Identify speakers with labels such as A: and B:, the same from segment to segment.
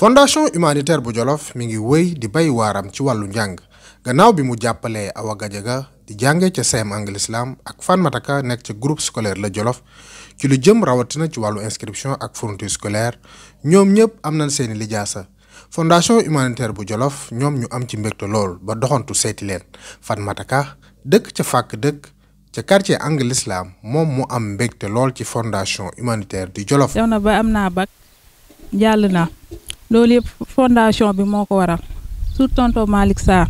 A: fondation humanitaire bu Jolof mu ngi wéy di bay waaram ci wàllu njàng gannaaw bi mu jàppalee Awa Gadiaga di jànge ca CEM Anglais Islam ak Fatmata Ka nekk ca group scolaire la Jolof ci lu jëm rawatina ci wàllu inscription ak fourniture scolaire ñoom ñëpp am nañ seeni lijaasa fondation humanitaire bu Jolof ñoom ñu am ci mbégte lool ba doxantu seeti leen Fatmata Ka dëkk ca fàkk dëkk ca quartier Anglais Islam moom mu am mbégte lool ci fondation humanitaire du Jolof.
B: loolu yëpp fondation bi moo ko waral surtout tonton Malick Sarr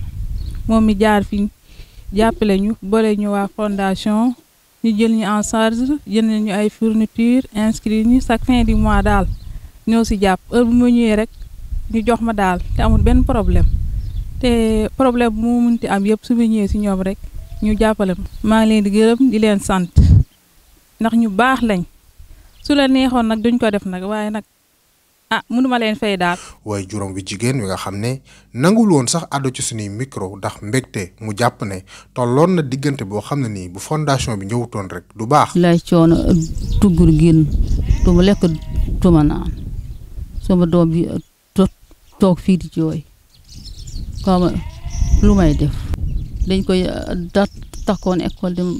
B: moom mi jaar fi jàppale ñu boole ñu waa fondation ñu jël ñu en charge jënd ñu ay fourniture inscrit ñu chaque fin du mois daal ñoo si jàpp heure ma ñëwee rek ñu jox ma daal te amul benn problème te problème bu mu munti am yëpp su ma ñëwee si ñoom rek ñu jàppale ma maa ngi leen di gërëm di leen sant ndax ñu baax lañ su la neexoon nag duñ ko def nag waaye nag ah mënuma leen fay daal.
A: waaye juróom bi jigéen wi nga xam ne nangul woon sax àddu ci suñuy micro ndax mbégte mu jàpp ne tolloon na diggante boo xam ne nii bu fondation bi ñëwutoon rek du baax.
C: lay coono euh, tuggur génn du ma lekk du ma doom bi euh, toog fii di jooy xaw lu may def dañ koy euh, da takkoon école dem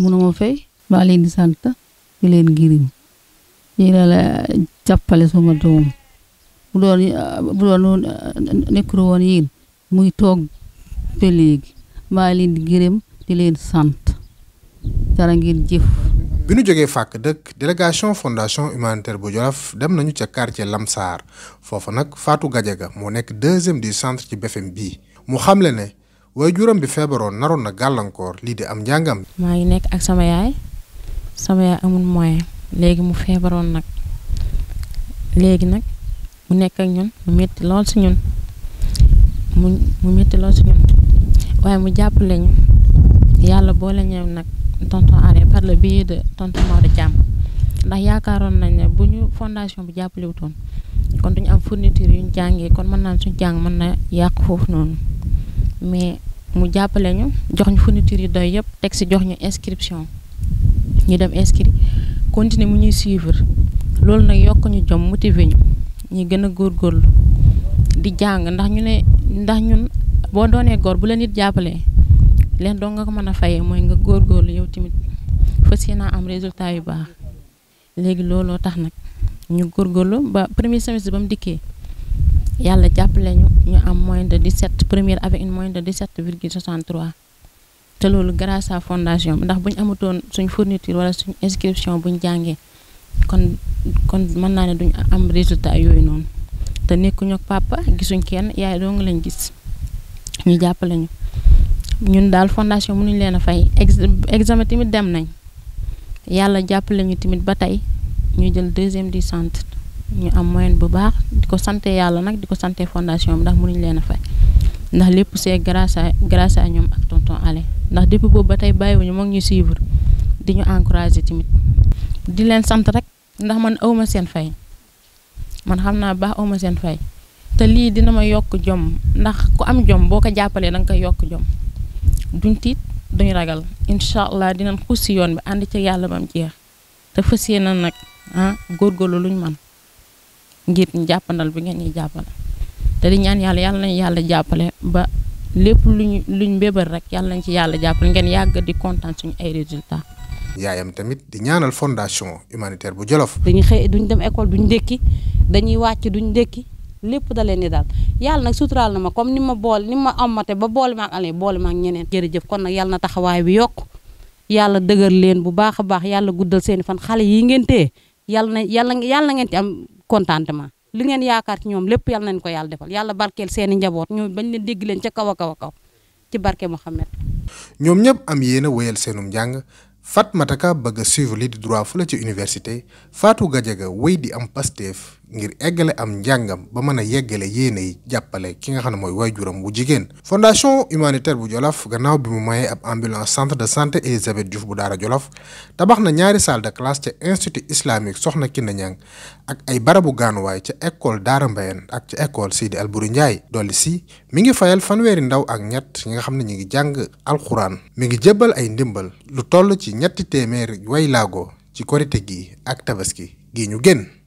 C: mënuma fay. maa leen di sant di leen gërëm ñu ne la jàppale toog ba léegi maa sant dara ngeen jëf.
A: bi nu jógee fàkk dëkk délégation fondation humanitaire bu Jolof dem nañu ca quartier Lamsaar foofu nag Fatou Gadiaga moo nekk deuxième di centre ci BFM bii mu xamle ne waaye juróom bi feebaroon naroon na gàllankoor lii di am njàngam.
B: maa ngi nekk ak sama yaay sama yaay amul moyen. léegi mu feebaroon nag léegi nag mu nekk ak ñun mu metti lool si ñun mu mu metti lool si ñun waaye mu jàpp ñu yàlla boole ñëw nag tonton Allé par le biais de tonton Maodo Thiam ndax yaakaaroon nañ ne bu ñu fondation bu jàppalewutoon wutoon kon duñu am fourniture yu jàngee kon mën naa suñu jàng mën na yàqu foofu noonu mais mu jàppale ñu jox ñu furniture yi doy yëpp teg si jox ñu inscription ñu dem inscrit continuer mu ñuy suivre loolu nag yokk ñu jom motiver ñu ñu gën a góorlu di jàng ndax ñu ne ndax ñun boo doonee góor bu la nit jàppalee leen doo nga ko mën a fayee mooy nga góorgóorlu yow tamit fas naa am résultat yu baax léegi looloo tax nag ñu góor góorgóorlu ba premier semestre ba mu dikkee yàlla jàppale ñu ñu am moyenne de 17 première avec une moyenne de 17 virgule 63 te loolu grâce à fondation ndax bu ñu amatoon suñ fourniture wala suñ inscription bu ñu jàngee kon kon mën naa ne duñ am résultat yooyu noonu te nekkuñu ak gisuñ kenn yaay doo nga lañ gis ñu jàppale ñu ñun daal fondation mënuñ leen a fay examen tamit dem nañ yàlla jàppale ñu tamit ba tey ñu jël deuxième du centre ñu am moyenne bu baax di ko sante yàlla nag di ko sante fondation bi ndax mënuñ leen a fay ndax lépp c'est grâce à grâce ñoom ak tonton Allé ndax dépp boobu ba tey bàyyiwuñu moo ñu suivre di ñu encourager tamit di leen sant rek ndax man awma seen fay man xam naa baax awma seen fay te lii dina ma yokk jomm ndax ku am jomm boo ko jàppalee da nga koy yokk jom duñ tiit duñ ragal incha allah dinañ xuus si yoon bi ànd ci yàlla bam jeex te fas yéene na nag ah góorgóorlu luñ man ngir jàppandal bi ngeen ñuy jàppale te di ñaan yàlla yàlla nañu yàlla jàppale ba lépp lu ñu mbébal rek yàlla nañ ci yàlla jàppale ngeen yàgg di kontaan suñu ay résultat
A: yaayam tamit di ñaanal fondation humanitaire bu Jolof.
B: dañu xëy duñ dem école duñ ndékki dañuy wàcc duñ ndékki lépp da leen di daal yàlla nag sutural na ma comme ni ma bool ni ma amate ba boole ma ak ale boole ma ak ñeneen. jërëjëf kon nag yàlla na taxawaay bu yokk yàlla dëgër leen bu baax a baax yàlla guddal seen fan xale yi ngeen yàlla na yàlla yàlla ngeen ci am contentement. li ngeen yaakaar ci ñoom lépp yal nañ ko yàlla defal yàlla barkeel seeni njaboot ñoom bañ leen dégg leen ca kaw a kaw a kaw ci barke Mouhamed.
A: ñoom ñëpp am yéen a wéyal seenum njàng Fatmata Ka bëgg a suivre li di droit fu la ci université faatu gajaga woy di am Pastef ngir eggale am njàngam ba mën a yeggale yéene yi jàppale ki nga xam ne mooy juróom bu jigéen fondation humanitaire bu Jolof gannaaw bi mu mayee ab ambulance centre de santé Elisabeth Diouf bu Daara Jolof tabax na ñaari salle de classe ca institut islamique soxna Kiné Niang ak ay barabu gaanuwaay ca école Daara Mbayeen ak ca école Sidi Albouri Ndiaye dolli si mi ngi fayal fanweeri ndaw ak ñett ñi nga xam ne ñu ngi jàng alxuraan mi ngi jébbal ay ndimbal lu toll ci ñetti téeméer way laago ci korite gi ak tabaski gi ñu génn